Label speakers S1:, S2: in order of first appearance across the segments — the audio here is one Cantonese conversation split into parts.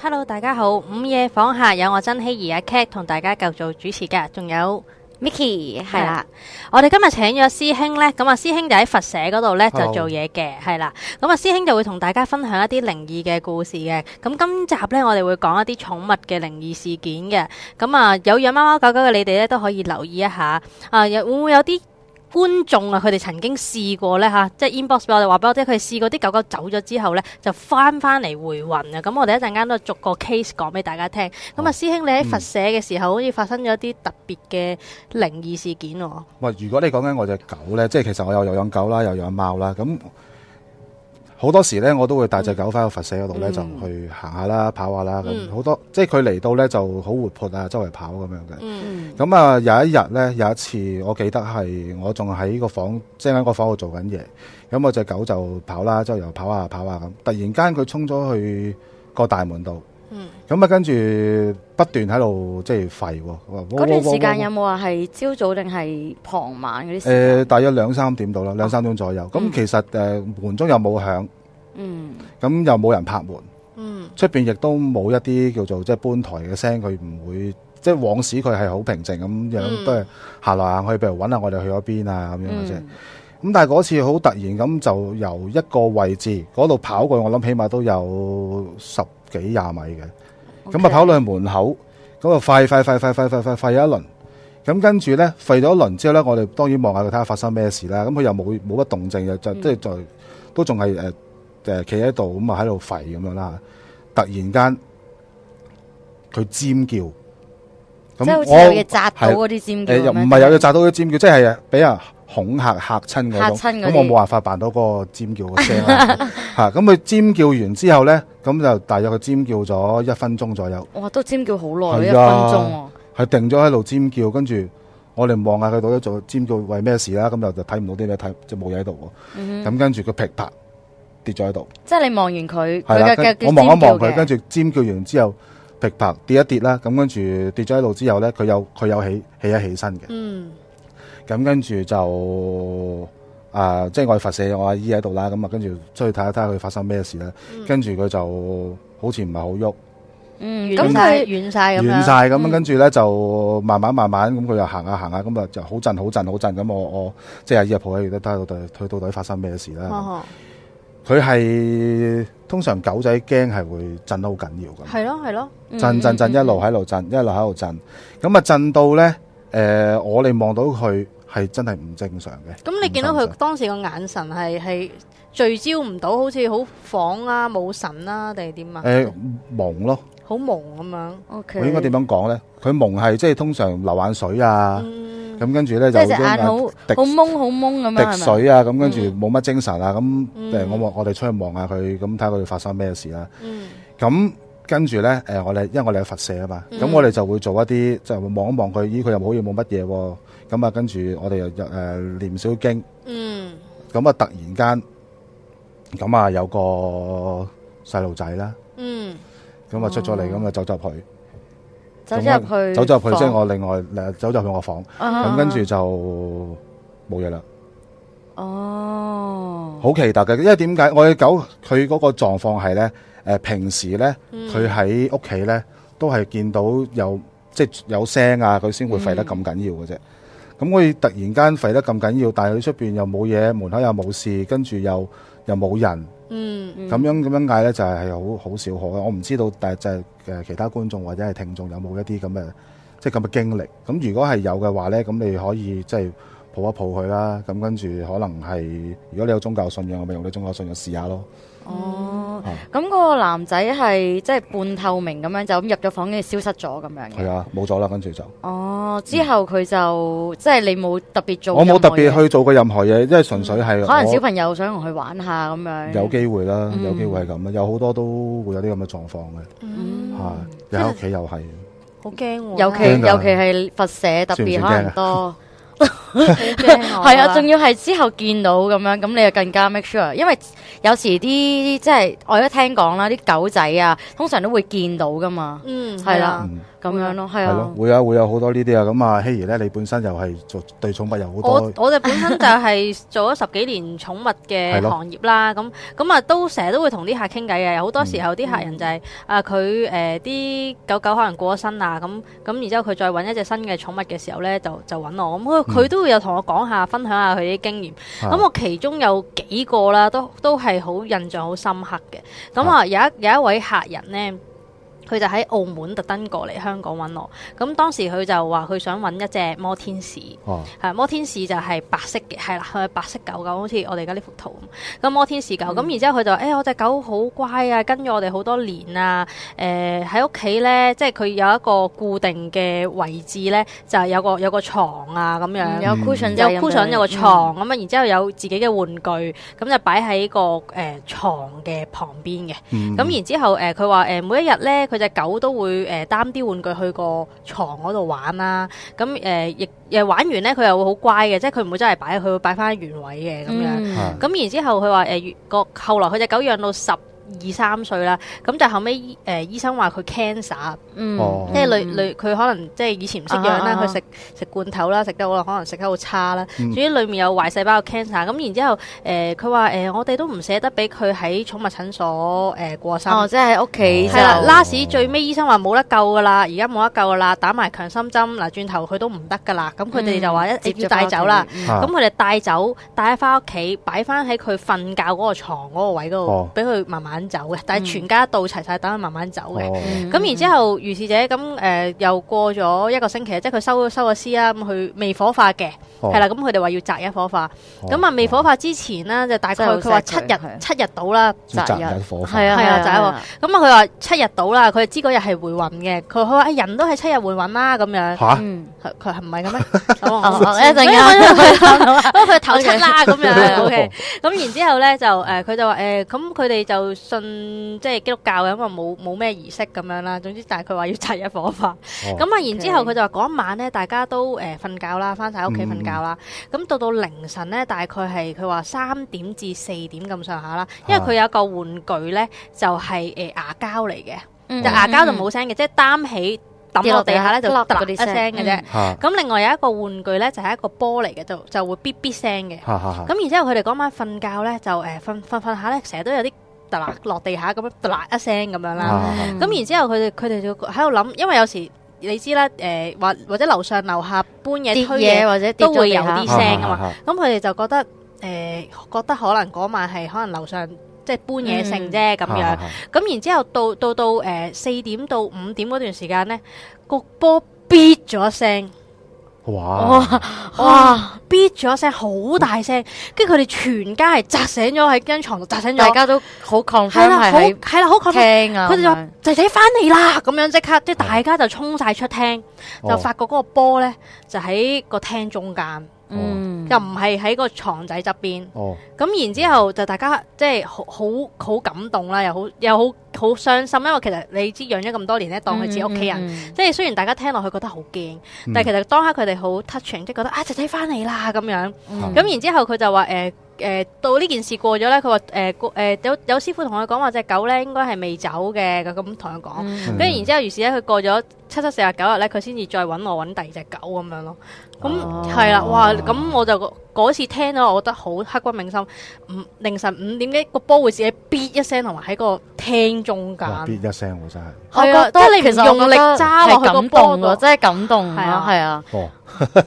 S1: hello，大家好，午夜訪客有我曾希兒阿 cat、啊、同大家共做主持㗎，仲有 Mickey 係啦，我哋今日請咗師兄呢。咁啊師兄就喺佛社嗰度呢，就做嘢嘅，係啦 Hello.，咁啊師兄就會同大家分享一啲靈異嘅故事嘅，咁今集呢，我哋會講一啲寵物嘅靈異事件嘅，咁啊有養貓貓狗狗嘅你哋呢，都可以留意一下，啊有會唔會有啲？觀眾啊，佢哋曾經試過咧嚇，即係 inbox 俾我哋話俾我聽，佢哋試過啲狗狗走咗之後咧，就翻翻嚟回魂啊！咁我哋一陣間都逐個 case 講俾大家聽。咁啊，師兄你喺佛社嘅時候好似發生咗啲特別嘅靈異事件喎、
S2: 哦。喂，如果你講緊我隻狗咧，即係其實我又又養狗啦，又養貓啦，咁。好多時咧，我都會帶隻狗翻去佛舍嗰度咧，就去行下啦、跑下啦。咁好多，即係佢嚟到咧就好活潑啊，周圍跑咁樣嘅。咁啊，有一日咧，有一次我記得係我仲喺個房，即係喺個房度做緊嘢。咁我隻狗就跑啦，周圍又跑下跑下咁。突然間佢衝咗去個大門度。嗯，咁啊，跟住不斷喺度即係吠。嗰段時間有
S3: 冇話係朝早定係傍晚嗰啲？誒、呃，
S2: 大約兩三點到啦，兩三點左右。咁、嗯、其實誒，門鐘又冇響，嗯，咁又冇人拍門，嗯，出邊亦都冇一啲叫做即係搬台嘅聲，佢唔會即係往時佢係好平靜咁樣，嗯、都係行來行去，譬如搵下我哋去咗邊啊咁樣嘅啫。咁但係嗰次好突然咁，就由一個位置嗰度跑過去，我諗起碼都有十。幾廿米嘅，咁啊 Okay. 跑到去門口，咁啊吠吠吠吠吠吠吠吠一輪，咁跟住咧吠咗一輪之後咧，我哋當然望下佢睇下發生咩事啦。咁佢又冇冇乜動靜，嘅、就是，就即係在都仲係誒誒企喺度，咁啊喺度吠咁樣啦。突然間佢尖叫，
S3: 即係好似有嘢扎到嗰啲尖叫，又唔係有嘢
S2: 扎到啲尖叫，即係啊俾人。就是恐嚇嚇親嗰種，咁我冇辦法扮到個尖叫嘅聲啦，咁佢 尖叫完之後咧，咁就大約佢尖叫咗一分鐘左右。
S3: 哇！都尖叫好耐，一、啊、分鐘、
S2: 哦。係啊，係定咗喺度尖叫，跟住我哋望下佢到咗做尖叫為咩事啦？咁就就睇唔到啲嘢睇，就冇嘢喺度。咁跟住佢劈啪跌咗喺度。
S3: 即係你望完佢，佢嘅我望一望佢，跟
S2: 住尖叫完之後，劈啪跌，跌，跌一跌啦。咁跟住跌咗喺度之後咧，佢有佢有起起一起身嘅。嗯。咁跟住就啊，即係我阿佛舍，我阿姨喺度啦。咁啊，跟住出去睇一睇佢發生咩事咧。嗯、跟住佢就好似唔係好喐。
S1: 嗯，軟晒跟，軟晒咁軟晒咁跟
S2: 住咧就慢慢慢慢咁，佢、嗯、又行下行下，咁啊就好震好震好震。咁、嗯、我我即係阿姨抱起佢，睇下到佢到底發生咩事啦。佢係、嗯嗯、通常狗仔驚係會震得好緊要噶。係
S1: 咯震，係咯，震震震，一路
S2: 喺度震，一路喺度震。咁啊震，震，震到咧，誒、呃，我哋望到佢。呃呃呃係真係唔正常嘅。咁
S1: 那你見到佢當時個眼神係係聚焦唔到，好似好晃啊、冇神啊，定係點啊？誒、呃，
S2: 蒙咯，
S1: 好蒙咁、okay、樣。我應該點
S2: 樣講咧？佢蒙係即係通常流眼水啊，咁、嗯、跟住咧就即係隻眼好好蒙
S4: 好蒙咁樣
S3: 係咪？嗯嗯、水
S2: 啊，咁跟住冇乜精神啊，咁我我我哋出去望下佢，咁睇下佢發生咩事啦、啊。嗯。咁、嗯。跟住咧，誒我哋，因為我哋喺佛舍啊嘛，咁、嗯、我哋就會做一啲，就望、是、一望佢，咦佢又冇嘢冇乜嘢喎，咁啊跟住我哋又誒念小經，經嗯，咁啊突然間，咁啊有個細路仔啦，嗯，咁啊出咗嚟，咁啊、哦、走入去，走入進去，去，走入去即係我另外誒走入去我房，咁、啊、跟住就冇嘢啦，
S4: 哦，好
S2: 奇特嘅，因為點解我嘅狗佢嗰個狀況係咧？平時呢，佢喺屋企呢，都係見到有即係有聲啊，佢先會吠得咁緊要嘅啫。咁佢、嗯、突然間吠得咁緊要，但係出邊又冇嘢，門口又冇事，跟住又又冇人，
S4: 咁樣、
S2: 嗯嗯、咁樣嗌呢，就係係好好少可嘅。我唔知道，但係就誒其他觀眾或者係聽眾有冇一啲咁嘅即係咁嘅經歷？咁如果係有嘅話呢，咁你可以即係。抱一抱佢啦，咁跟住可能係如果你有宗教信仰，我咪用啲宗教信仰試下咯。
S3: 哦，咁嗰個男仔係即係半透明咁樣，就咁入咗房跟住消失咗咁樣。
S2: 係啊，冇咗啦，跟住就。
S3: 哦，之後佢就即係你冇特別做，我冇特別去
S2: 做過任何嘢，即係純粹係。可能小朋
S3: 友想同佢玩下咁樣。有機會啦，有機
S2: 會係咁啦，有好多都會有啲咁嘅狀況
S3: 嘅，
S2: 喺屋企，又係。
S4: 好驚，尤
S3: 其尤其係佛舍特別多。係啊，仲要係之後見到咁樣，咁你就更加 make sure，因為有時啲即係我而家聽講啦，啲狗仔啊，通常都會見
S2: 到噶嘛，
S1: 嗯，係啦，咁樣咯，係啊，
S2: 會啊，會有好多呢啲啊，咁啊，希兒咧，你本身又係做對寵物有好多，我
S1: 哋本身就係做咗十幾年寵物嘅行業啦，咁咁啊，都成日都會同啲客傾偈嘅，好多時候啲客人就係啊，佢誒啲狗狗可能過咗身啊，咁咁，然之後佢再搵一隻新嘅寵物嘅時候咧，就就搵我，咁佢佢都。都有同我講下，分享下佢啲經驗。咁、啊、我其中有幾個啦，都都係好印象好深刻嘅。咁啊，有一有一位客人咧。佢就喺澳門特登過嚟香港揾我，咁當時佢就話佢想揾一隻摩天使，係、啊、摩天使就係白色嘅，係啦，佢白色狗狗，好似我哋而家呢幅圖咁。咁摩天使狗咁，嗯、然之後佢就話誒、欸、我隻狗好乖啊，跟住我哋好多年啊，誒喺屋企咧，即係佢有一個固定嘅位置咧，就係、是、有個有個牀啊咁樣，有 cushion 有 cushion 有個床。咁啊，然之後有自己嘅玩具，咁就擺喺個誒牀嘅旁邊嘅，
S3: 咁、嗯、然
S1: 之後誒佢話誒每一日咧隻狗都會誒擔啲玩具去個床嗰度玩啦，啊，咁誒亦誒玩完咧，佢又會好乖嘅，即係佢唔會真係擺，佢會擺翻原位嘅咁、嗯、樣。咁、嗯、然之後佢話誒，個、呃、後來佢隻狗養到十。二三歲啦，咁就後尾誒醫生話佢 cancer，即係佢可能即係以前唔識養啦，佢食食罐頭啦，食得可能食得好差啦，總之裡面有壞細胞嘅 cancer，咁然之後誒佢話誒我哋都唔捨得俾佢喺寵物診所誒過身，即係喺屋
S3: 企，係啦，拉
S1: 屎最尾醫生話冇得救㗎啦，而家冇得救㗎啦，打埋強心針嗱，轉頭佢都唔得㗎啦，咁佢哋就話一接住帶走啦，咁佢哋帶走帶翻屋企擺翻喺佢瞓覺嗰個牀嗰個位度，俾佢慢慢。走嘅，但係全家到齊晒，等佢慢慢走嘅。咁然之後，如是者咁，誒，又過咗一個星期，即係佢收咗收咗屍啦。咁佢未火化嘅，係啦。咁佢哋話要摘一火化。咁啊，未火化之前呢，就大概佢話七日七日到啦，摘一火化係啊，摘。咁啊，佢話七日到啦，佢知嗰日係回魂嘅。佢佢話人都係七日回魂啦，咁樣佢佢係唔係嘅咩？一陣間，不過佢頭七啦，咁樣。O K，咁然之後咧就誒，佢就話誒，咁佢哋就。信即係基督教嘅，咁啊冇冇咩儀式咁樣啦。總之，但係佢話要集一火化。咁啊，然之後佢就話嗰一晚咧，大家都誒瞓覺啦，翻晒屋企瞓覺啦。咁到到凌晨咧，大概係佢話三點至四點咁上下啦。因為佢有一個玩具咧，就係誒牙膠嚟嘅，就牙膠就冇聲嘅，即係擔起抌落地下咧就落嗰啲聲嘅啫。咁另外有一個玩具咧就係一個波嚟嘅，就就會咇咇聲嘅。咁然之後佢哋嗰晚瞓覺咧就誒瞓瞓瞓下咧，成日都有啲。突啦落地下咁樣突啦一聲咁樣啦，咁然之後佢哋佢哋就喺度諗，因為有時你知啦，誒或或者樓上樓下搬嘢推嘢或者都會有啲聲噶嘛，咁佢哋就覺得誒覺得可能嗰晚係可能樓上即係搬嘢剩啫咁樣，咁然之後到到到誒四點到五點嗰段時間咧，個波咇咗一聲。哇哇！咇咗哇哇聲，好大聲，跟住佢哋全家係扎醒咗喺張床度，扎醒咗，大家都好抗 o n f 係，啦，好抗 o 啊。佢哋、啊啊、就姐姐翻嚟啦，咁樣即刻，即係大家就衝晒出廳，就發覺嗰個波咧就喺個廳中間。哦嗯，又唔係喺個床仔側邊，咁、mm hmm. 然之後，後就大家即係好好好感動啦，又好又好好傷心，因為其實你知養咗咁多年咧，當佢自己屋企人，即係、mm hmm. 雖然大家聽落去覺得好驚，mm hmm. 但係其實當刻佢哋好 touching，即係覺得啊仔仔翻嚟啦咁樣，咁、mm hmm. 然之後佢就話誒。呃誒，到呢件事過咗咧，佢話誒，誒有有師傅同佢講，話隻狗咧，應該係未走嘅，咁同佢講。跟住然之後，於是咧，佢過咗七七四十九日咧，佢先至再揾我揾第二隻狗咁樣咯。咁係啦，哇！咁我就嗰次聽到，我覺得好刻骨銘心。五凌晨五點幾個波會自己嗶一聲，同埋喺個廳中間嗶、
S2: 啊、一聲我真，真係係啊！即係你其實你用力揸落去個波，
S1: 真係感動啊！係啊。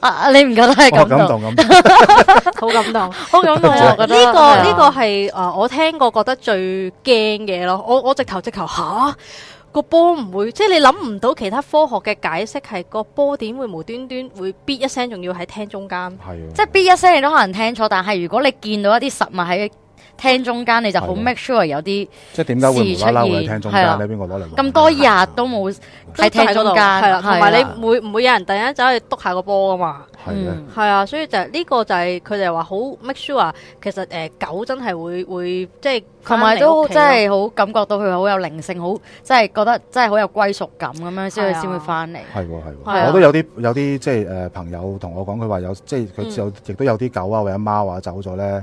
S1: 啊！
S3: 你唔覺得係咁感動？
S1: 好感動，好 感動呢個呢對呀 個係誒、呃，我聽過覺得最驚嘅咯。我我直頭直頭吓個波唔會，即係你諗唔到其他科學嘅解釋，係個波點會無端端會嗶一聲，仲要喺廳中間。
S3: 係，
S2: 對呀 即係
S1: 嗶一聲你都可能聽錯。但係如果你見到一啲實物喺。
S3: 聽中間你就好 make sure 有啲即事出現，係啦，邊個攞嚟咁多日
S1: 都冇喺聽中間，係啦，同埋你會唔會有人突然間走去篤下個波啊嘛，係啊，係啊，所以就呢個就係佢哋話好 make sure，其實誒狗真係會會即係，同埋都真係
S3: 好感覺到佢好有靈性，好即係覺得真係好有歸屬感咁樣，所以先會翻嚟。
S2: 係喎係喎，我都有啲有啲即係誒朋友同我講，佢話有即係佢有亦都有啲狗啊或者貓啊走咗咧。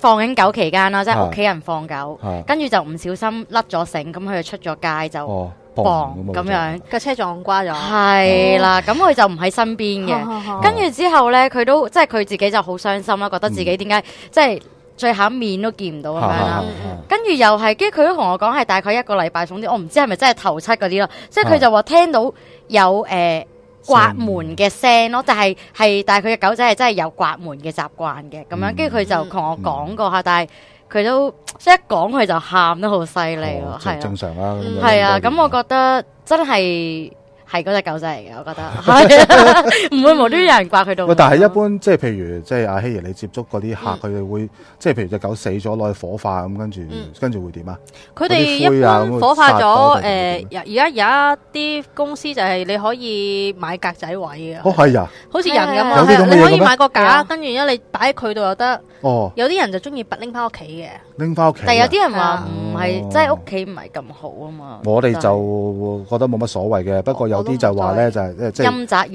S3: 放緊狗期間啦，即係屋企人放狗，跟住是的 就唔小心甩咗繩，咁佢就出咗街就磅咁樣，樣，個沒錯 車撞瓜咗。係啦的，咁佢，哦，就唔喺身邊嘅。跟住，哦，之後呢，佢都即係佢自己就好傷心啦，覺得自己點解，嗯，即係最後一面都見唔到咁，嗯，樣啦。嗯嗯，跟住又係，跟住佢都同我講，係大概一個禮拜總之，我唔知係咪真係頭七嗰啲咯。即係佢就話聽到有誒。呃刮門嘅聲咯，但係係但係佢嘅狗仔係真係有刮門嘅習慣嘅，咁樣、嗯、跟住佢、嗯、就同我講過下，但係佢都即係講佢就喊得好犀利咯，係、啊、正
S2: 常啦，係啊，咁、
S3: 嗯、我覺得真係。係嗰隻狗仔嚟嘅，我覺得唔會無端端有人掛佢度。但係
S2: 一般即係譬如即係阿希兒，你接觸嗰啲客，佢哋會即係譬如隻狗死咗，落去火化咁，跟住跟住會點啊？佢哋一般火化咗誒，
S1: 而家有一啲公司就係你可以買格仔位嘅。
S2: 哦，係啊，
S1: 好似人咁啊，你可以買個架，跟住咧你擺喺佢度又得。哦，有啲人就中意拎翻屋企嘅，
S2: 拎翻屋企。但係有啲人話唔係，即係屋
S1: 企唔係咁好啊嘛。我哋就
S2: 覺得冇乜所謂嘅，不過有。有啲就話咧，就係即係陰宅陽陰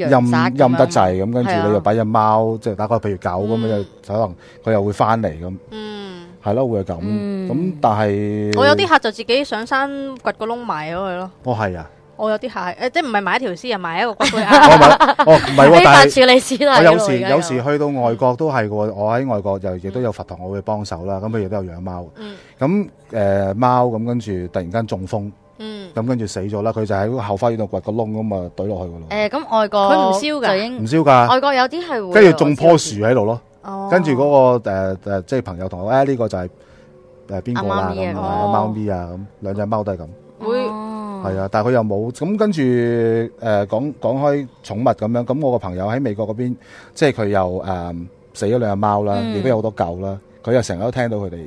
S2: 陰得滯咁，跟住你又擺隻貓，即係打個譬如狗咁樣，可能佢又會翻嚟咁，係咯會係咁。咁但係我有啲
S1: 客就自己上山掘個窿埋咗佢咯。哦，係啊，我有啲客誒，即係唔係買一條屍啊，買一個骨啊，哦唔係，但係我有時有
S2: 時去到外國都係嘅，我喺外國又亦都有佛堂，我會幫手啦。咁佢亦都有養貓，咁誒貓咁跟住突然間中風。嗯，咁跟住死咗啦，佢就喺個後花園度掘個窿，咁啊，懟落去㗎咯。誒，
S3: 咁外國佢唔燒噶，唔
S2: 燒噶。外國
S3: 有啲係會，跟住種棵
S2: 樹喺度咯。
S3: 哦，跟
S2: 住嗰個誒誒，即係朋友同我話，誒呢個就係誒邊個啦，咁啊，貓咪啊，咁兩隻貓都係咁。會係啊，但係佢又冇。咁跟住誒，講講開寵物咁樣，咁我個朋友喺美國嗰邊，即係佢又誒死咗兩隻貓啦，亦都有好多狗啦，佢又成日都聽到佢哋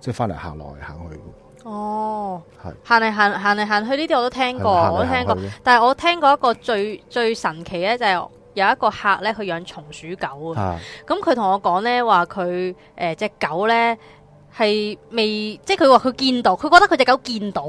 S2: 即係返嚟行來行去。哦，
S1: 係行嚟行行嚟行去呢啲我都聽過，吧我都聽過，走走但係我聽過一個最最神奇咧，就係有一個客咧，佢養松鼠狗，咁佢同我講咧，話佢誒隻狗咧係未，即係佢話佢見到，佢覺得佢隻狗見到，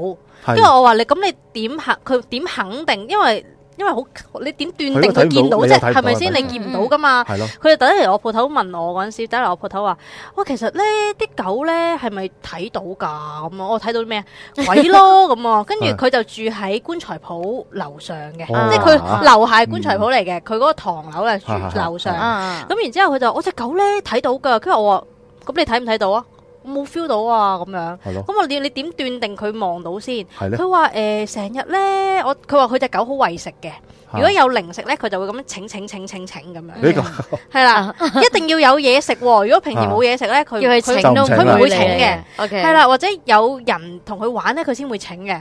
S1: 是因為我話你咁你點肯佢點肯定，因為。因為好，你點斷定佢見到啫，係咪先？你見唔到噶嘛？佢咯就第一嚟，我鋪頭問我嗰陣時，第一嚟我鋪頭話：，喂，其實咧啲狗咧係咪睇到噶？咁啊，我睇到咩鬼咯咁啊！跟住佢就住喺棺材鋪樓上嘅。 即係佢樓下係棺材鋪嚟嘅，佢嗰 個唐樓咧住樓上。咁 然之後佢就我隻狗咧睇到噶，跟住我話：，咁你睇唔睇到啊？冇 feel 到啊，咁樣。係咯。咁我你你點斷定佢望到先？係咧。佢話誒成日咧，我佢話佢隻狗好為食嘅。如果有零食咧，佢就會咁樣請請請請請咁樣。呢個係啦，一定要有嘢食喎。如果平時冇嘢食咧，佢佢唔會請嘅。OK。係啦，或者有人同佢玩咧，佢先會請嘅。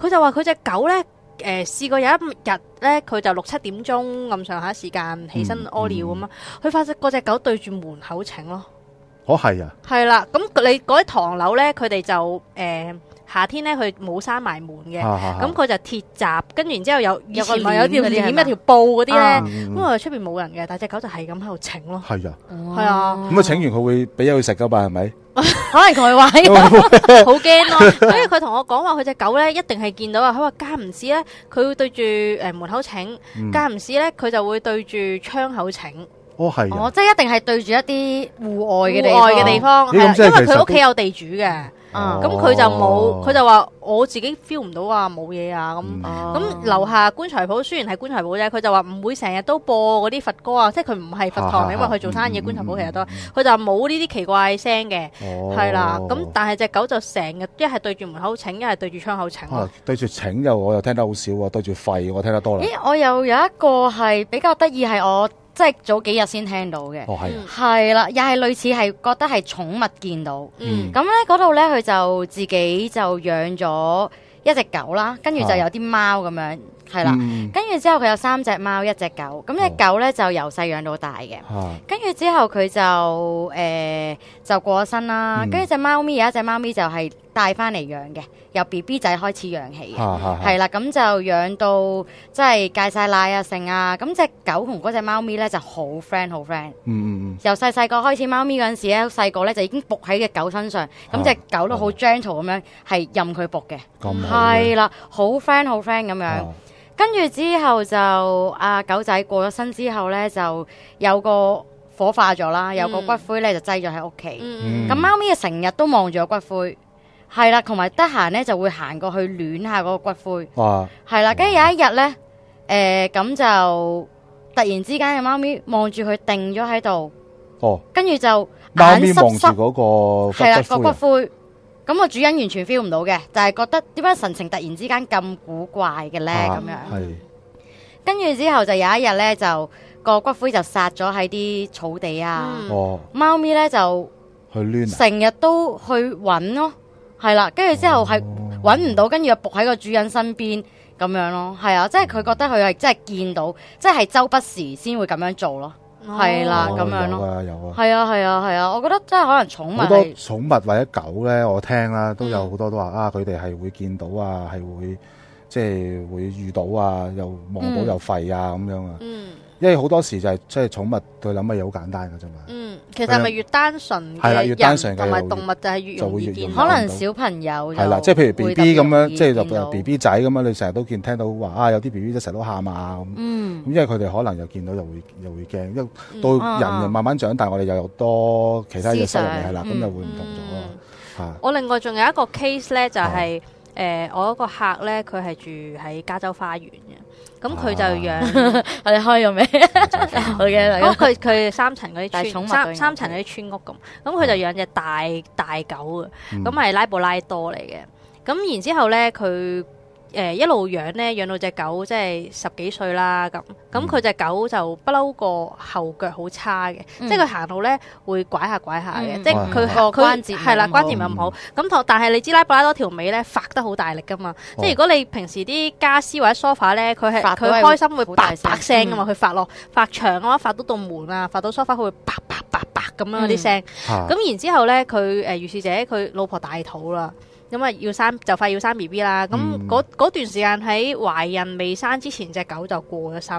S1: 佢就話佢隻狗咧，誒試過有一日咧，佢就六七點鐘咁上下時間起身屙尿咁樣，佢發覺嗰隻狗對住門口請咯。哦，係啊！係啦，咁你嗰啲唐樓咧，佢哋就誒夏天咧，佢冇閂埋門嘅，咁佢就鐵閘，跟住然之後有以前唔係有條簾一條布嗰啲咧，咁啊出邊冇人嘅，但隻狗就係咁喺度請咯，
S2: 係啊，係啊，咁啊請完佢會俾咗佢食㗎吧？係咪？
S1: 可能佢話：，好驚咯，所以佢同我講話，佢隻狗咧一定係見到啊！佢話：，間唔時咧，佢會對住誒門口請，間唔時咧，佢就會對住窗口請。哦，係，我即係一定係對住一啲戶外嘅地方，因為佢屋企有地主嘅，咁佢就冇，佢就話我自己 feel 唔到啊，冇嘢啊。咁咁樓下棺材鋪雖然係棺材鋪啫，佢就話唔會成日都播嗰啲佛歌啊，即係佢唔係佛堂，因為佢做生意棺材鋪其實都，佢就冇呢啲奇怪聲嘅，
S2: 係啦，咁但
S1: 係隻狗就成日一係對住門口請，一係對住窗口請咯，
S2: 對住請又我又聽得好少啊，對住吠我聽得多啦。咦，
S3: 我又有一個係比較得意係我。即係早幾日先聽到嘅，係啦、哦啊，又係類似係覺得係寵物見到，嗯，咁咧嗰度咧佢就自己就養咗一隻狗啦，跟住就有啲貓咁樣。啊。係啦，跟住之後佢有三隻貓，一隻狗。咁隻狗咧就由細養到大嘅。跟住之後佢就誒就過咗身啦。跟住隻貓咪有一隻貓咪就係帶翻嚟養嘅，由 B B 仔開始養起
S4: 嘅。係啦，
S3: 咁就養到即係戒晒奶啊，剩啊。咁隻狗同嗰隻貓咪咧就好 friend，好 friend。由細細個開始，貓咪嗰陣時咧，細個咧就已經撲喺隻狗身上，咁隻狗都好 gentle 咁樣係任佢撲嘅。
S4: 咁係
S3: 啦，好 friend，好 friend 咁樣。跟住之後就阿、啊、狗仔過咗身之後呢，就有個火化咗啦，嗯、有個骨灰呢，就擠咗喺屋企。咁貓、嗯嗯、咪啊，成日都望住個骨灰，係啦，同埋得閒呢，就會行過去暖下嗰個骨灰。哇、啊！係啦，跟住有一日呢，誒、呃，咁就突然之間嘅貓咪望住佢定咗喺度。哦！跟住就貓咪望住嗰
S2: 個係啦個骨灰。
S3: 嗯咁個、嗯、主人完全 feel 唔到嘅，就係、是、覺得點解神情突然之間咁古怪嘅咧？咁樣，跟住、啊、之後就有一日咧，就個骨灰就撒咗喺啲草地啊，嗯嗯、哦，貓咪咧就
S4: 去攣、啊，成
S3: 日都去搵咯，係啦，跟住之後係搵唔到，跟住又仆喺個主人身邊咁樣咯，係啊，即係佢覺得佢係、嗯、即係見到，即係周不時先會咁樣做咯。係啦，咁、哦、樣咯。係啊，係啊，係啊,啊,啊！我覺得即係可能寵物。好多
S2: 寵物或者狗咧，我聽啦，都有好多都話啊，佢哋係會見到啊，係會即係會遇到啊，又望到又吠啊咁樣啊。嗯即係好多時就係，即係寵物佢諗嘅嘢好簡單㗎啫嘛。
S1: 嗯，其實係咪越單純嘅人同埋動物就係越容易見？可能小朋友係啦，即係譬如 B B 咁樣，即係入入 B
S2: B 仔咁樣，你成日都見聽到話啊，有啲 B B 一成日都喊啊咁。嗯。咁因為佢哋可能又見到又會又會驚，因為到人慢慢長大，我哋又有多其他嘢識嚟，係啦，咁就會唔同咗囉。
S1: 我另外仲有一個 case 咧，就係誒，我一個客咧，佢係住喺加州花園嘅。咁佢、嗯、就養，我哋 開咗未沒？好 嘅、嗯，咁佢佢三層嗰啲，三三層嗰啲村屋咁，咁、嗯、佢、嗯、就養隻大大狗啊，咁係拉布拉多嚟嘅，咁然之後咧佢。誒一路養咧，養到隻狗即係十幾歲啦，咁咁佢隻狗就不嬲個後腳好差嘅，即係佢行路咧會拐下拐下嘅，即係佢個關節係啦，關節又唔好。咁但係你知拉布拉多條尾咧發得好大力噶嘛，即係如果你平時啲傢俬或者梳化咧，佢係佢開心會啪啪聲噶嘛，佢發落發長啊，發到到門啊，發到梳化，佢會啪啪啪啪咁樣啲聲。咁然之後咧，佢誒如是者佢老婆大肚啦。咁啊，要生就快要生 BB 啦，咁嗰、嗯、段時間喺懷孕未生之前，隻狗就過咗身，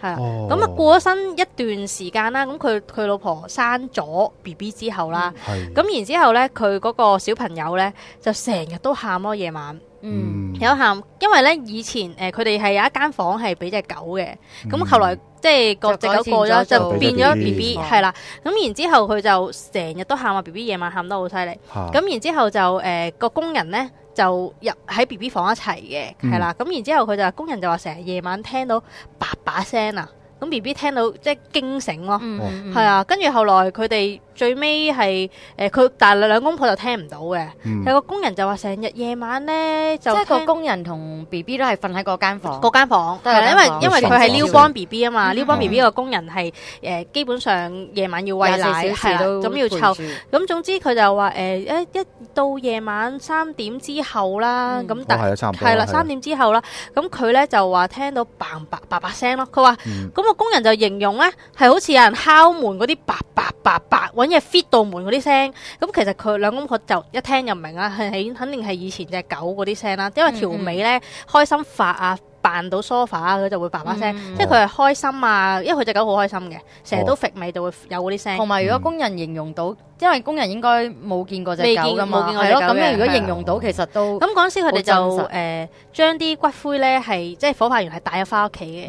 S1: 係啊，咁啊、哦、過咗身一段時間啦，咁佢佢老婆生咗 BB 之後啦，咁、嗯、然之後咧，佢嗰個小朋友咧就成日都喊咯夜晚。嗯，有喊，因為咧以前誒，佢哋係有一間房係俾隻狗嘅，咁、嗯、後來即係個隻改狗過咗就變咗 B B 係啦，咁、啊嗯嗯、然之後佢就成日都喊啊 B B 夜晚喊得好犀利，咁然之後就誒個工人咧就入喺 B B 房一齊嘅，係啦，咁然之後佢就工人就話成日夜晚聽到爸爸聲啊，咁 B B 聽到即係驚醒咯，係、嗯、啊，跟住後來佢哋。嗯嗯嗯最尾係誒佢，但係兩公婆就聽唔到嘅。有個工人就話：成日夜晚咧，就即係個工人同 B B 都係瞓喺嗰間房，嗰間房。係因為因為佢係 newborn BB 啊嘛，newborn BB 個工人係誒基本上夜晚要餵奶，係咁要湊，咁總之佢就話誒一一到夜晚三點之後啦，咁但係係啦，三點之後啦，咁佢咧就話聽到嘭嘭嘭嘭聲咯。佢話咁個工人就形容咧係好似有人敲門嗰啲白白白白揾。即係 fit 到門嗰啲聲，咁其實佢兩公婆就一聽就明啦，係係肯定係以前隻狗嗰啲聲啦。因為條尾咧、嗯嗯、開心發啊，扮到梳化 f 佢就會爸爸聲，嗯、即係佢係開心啊。因為佢隻狗好開心嘅，成日都揈尾就會有嗰啲聲。同埋、嗯、如果
S3: 工人形容到。因為工人應該冇見過隻狗噶嘛，係咯。咁樣如果形容到的其實都咁嗰陣時，佢哋就
S1: 誒將啲骨灰咧係即係火化完係帶咗翻屋企嘅。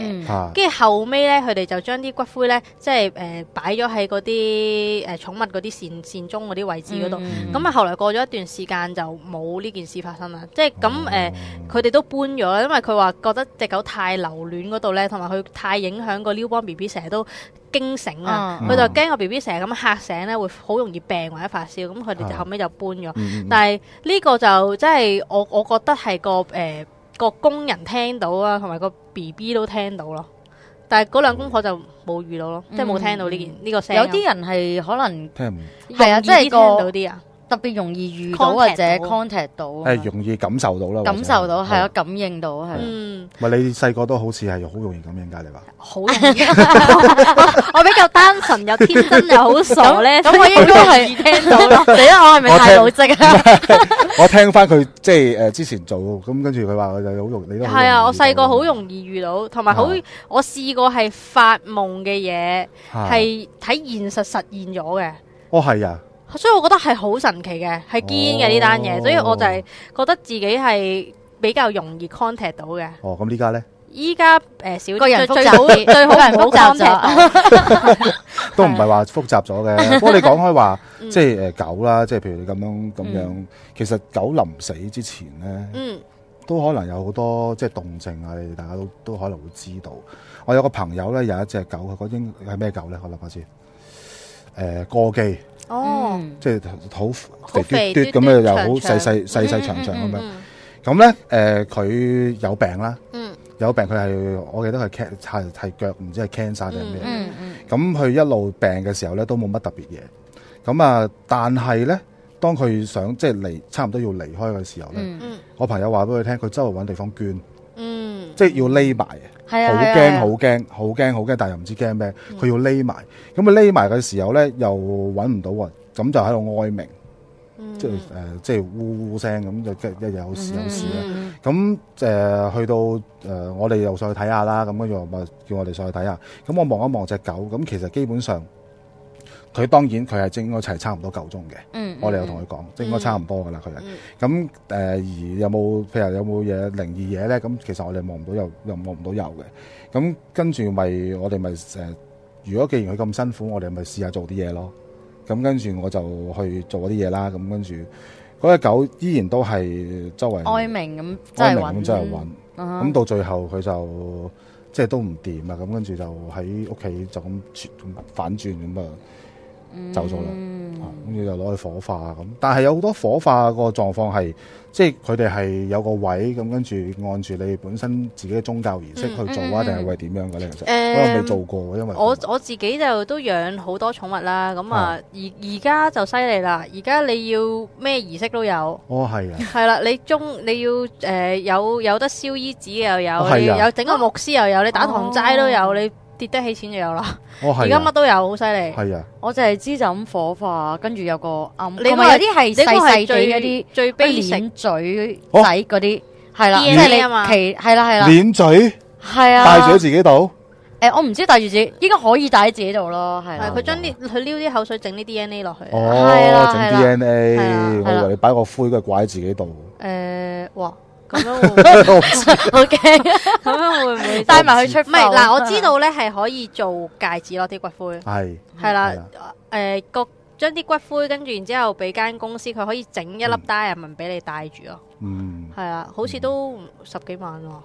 S1: 跟住、嗯、後尾咧，佢哋就將啲骨灰咧即係誒擺咗喺嗰啲誒寵物嗰啲善善終嗰啲位置嗰度。咁啊、嗯嗯嗯嗯，後來過咗一段時間就冇呢件事發生啦。即係咁誒，佢哋、呃、都搬咗，因為佢話覺得隻狗太留戀嗰度咧，同埋佢太影響個 Lion B B 成日都。驚醒啊！佢、嗯、就驚個 B B 成日咁吓醒咧，啊，會好容易病或者發燒。咁佢哋就後尾就搬咗。啊嗯嗯，但係呢個就即係我我覺得係個誒、呃、個工人聽到啊，同埋個 B B 都聽到咯。但係嗰兩公婆就冇遇到咯，嗯，即係冇聽到呢件呢、嗯，個聲。有啲人係可能聽唔到，係啊，即係聽到啲
S3: 啊。特別容易遇到或者 contact 到，係
S2: 容易感受到咯，感受
S3: 到係咯，感應到係。
S2: 唔係你細個都好似係好容易感應㗎，你話？好容
S3: 易，我比較單純，又
S1: 天真又好傻咧，咁我應該係易聽到咯。點解我係咪太老積啊？
S2: 我聽翻佢即係誒之前做，咁跟住佢話佢就好容易咯。係啊，
S1: 我細個好容易遇到，同埋好我試過係發夢嘅嘢係睇現實實現咗嘅。
S2: 哦，係啊。
S1: 所以，我覺得係好神奇嘅，係堅嘅呢單嘢。所以我就係覺得自己係比較容易 contact 到嘅。
S2: 哦，咁依家咧？
S1: 依家誒少個人複雜，最好人複雜，
S2: 都唔係話複雜咗嘅。不過你講開話，即係誒狗啦，即係譬如你咁樣咁樣，其實狗臨死之前咧，嗯，都可能有好多即係動靜啊。你哋大家都都可能會知道。我有個朋友咧，有一隻狗，佢嗰應係咩狗咧？我諗下先，誒過機。哦，即係好肥嘟嘟咁啊，嘟嘟又好細細細細長長咁、嗯嗯、樣，咁咧誒佢有病啦，嗯、有病佢係我記得係係係腳唔知係 cancer 定咩，咁佢、嗯嗯嗯、一路病嘅時候咧都冇乜特別嘢，咁啊但係咧當佢想即係離差唔多要離開嘅時候咧，嗯嗯、我朋友話俾佢聽，佢周圍搵地方捐，嗯、即係要匿埋。
S4: 好驚好
S2: 驚好驚好驚，但又唔知驚咩？佢要匿埋，咁佢匿埋嘅時候咧，又搵唔到喎，咁就喺度哀鳴，即係誒、呃，即係嗚嗚聲，咁就即係一日有事有事啦。咁誒， 嗯嗯、去到誒、呃，我哋又上去睇下啦。咁樣又咪叫我哋上去睇下。咁我望一望隻狗，咁其實基本上。佢當然佢係整嗰齊差唔多夠鐘嘅。嗯、我哋有同佢講，嗯、應該差唔多噶啦佢。咁誒、嗯呃、而有冇譬如有冇嘢靈異嘢咧？咁其實我哋望唔到又又望唔到有嘅。咁、嗯、跟住咪我哋咪誒，如果既然佢咁辛苦，我哋咪試下做啲嘢咯。咁跟住我就去做嗰啲嘢啦。咁跟住嗰隻狗依然都係周圍哀
S3: 鳴咁，哀鳴咁即係揾。咁到
S2: 最後佢就即係、就是、都唔掂啦。咁跟住就喺屋企就咁反轉咁啊～走咗啦，咁就攞去火化咁。但係有好多火化個狀況係，即係佢哋係有個位咁，跟住按住你本身自己嘅宗教儀式去做啊，定係為點樣嘅咧？其實，我又未做過，因為我
S1: 我自己就都養好多寵物啦。咁啊，而而家就犀利啦！而家你要咩儀式都有，
S4: 哦，係啊，
S1: 係啦，你中你要誒有有得燒衣紙又有，有整個牧師又有，你打堂齋都有你。跌得起錢就有啦，
S4: 而家乜
S1: 都有，好犀利。我淨係知就咁火化，跟住有個暗。你咪有啲係細細哋嗰啲，
S3: 最卑廉嘴仔嗰啲。係啦，DNA 嘛。其係啦係啦。廉
S2: 嘴。
S1: 係啊。帶住喺自己度。誒，我唔知帶住自，己，應該可以帶喺自己度咯，係啦。佢將啲佢撩啲口水整啲 DNA 落去。哦，整 DNA。
S2: 我以為你擺個灰都係掛喺自己度。
S1: 誒，哇！好驚，咁樣會唔會帶埋去出 道？唔係嗱，我知道咧係可以做戒指咯，啲骨灰係係 啦，誒、啊，個將啲骨灰跟住然之後俾間公司，佢可以整一粒 diamond 俾你戴住咯，嗯，係 啊，好似都十幾萬咯。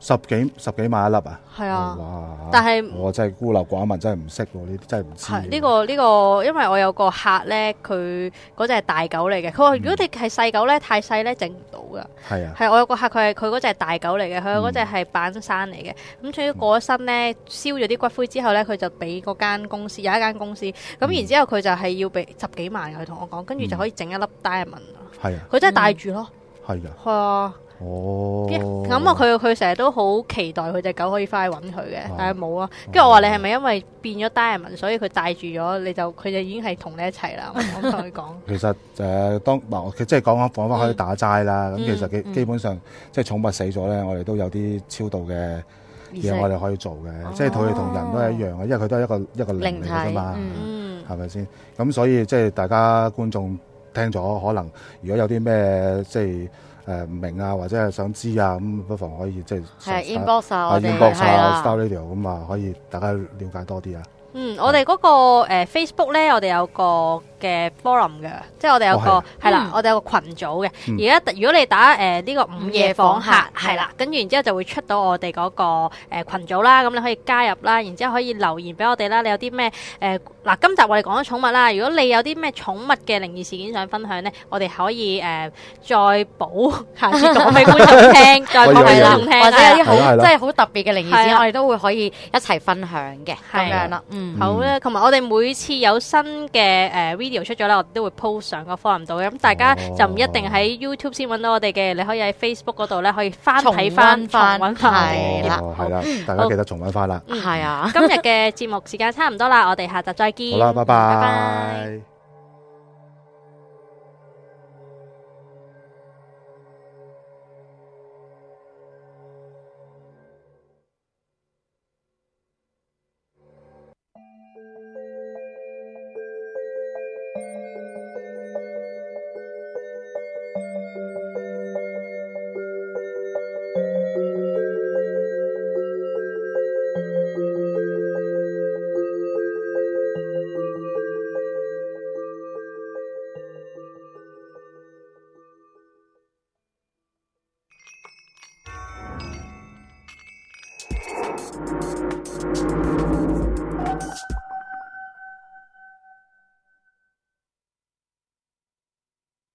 S2: 十幾十幾萬一粒啊？係啊，哇，但係我真係孤陋寡聞，真係唔識喎，呢啲真係唔知。
S1: 呢個呢個，因為我有個客咧，佢嗰隻係大狗嚟嘅。佢話如果你係細狗咧，太細咧，整唔到噶。係啊，係我有個客，佢係佢嗰隻係大狗嚟嘅，佢嗰隻係板山嚟嘅。咁所以過咗身咧，燒咗啲骨灰之後咧，佢就俾嗰間公司有一間公司。咁然之後佢就係要俾十幾萬，佢同我講，跟住就可以整一粒 diamond 係啊，佢真係戴住咯。係噶。係啊。哦，咁啊，佢佢成日都好期待佢隻狗可以翻去揾佢嘅，但係冇啊。跟住我話，你係咪因為變咗 Diamond，所以佢帶住咗，你就佢就已經係同你一齊啦。我同
S2: 佢講，其實誒，當嗱，即係講翻，講翻可以打齋啦。咁其實佢基本上即係寵物死咗咧，我哋都有啲超度嘅嘢，我哋可以做嘅。即係佢哋同人都係一樣嘅，因為佢都係一個一個靈體啫嘛，係咪先？咁所以即係大家觀眾聽咗，可能如果有啲咩即係。誒唔、呃、明啊，或者係想知啊，咁、嗯、不妨可以即係，inbox 我哋，inbox StarVideo 咁啊，可以大家瞭解多啲啊。嗯，
S1: 我哋嗰、那個、呃、Facebook 咧，我哋有個。嘅 forum 嘅，即係我哋有個，係啦，我哋有個群組嘅。而家如果你打誒呢個午夜訪客係啦，跟住然之後就會出到我哋嗰個誒羣組啦，咁你可以加入啦，然之後可以留言俾我哋啦。你有啲咩誒嗱？今集我哋講咗寵物啦，如果你有啲咩寵物嘅靈異事件想分享咧，我哋可以誒再補下次講俾觀眾聽，再講聽，或者有啲
S3: 好即係好特別嘅靈異事件，我哋
S1: 都會可以一齊分享嘅咁樣啦。嗯，好啦，同埋我哋每次有新嘅誒。v i 出咗啦，我都會 post 上個放唔到嘅，咁大家就唔一定喺 YouTube 先揾到我哋嘅。你可以喺 Facebook 嗰度咧可以翻睇翻，重揾翻
S3: 係
S2: 啦，大家記得重揾翻啦，
S3: 係好、嗯、
S1: 啊，今日嘅節目時間差唔多啦，我哋下集再見，好啦，拜
S2: 拜。拜拜。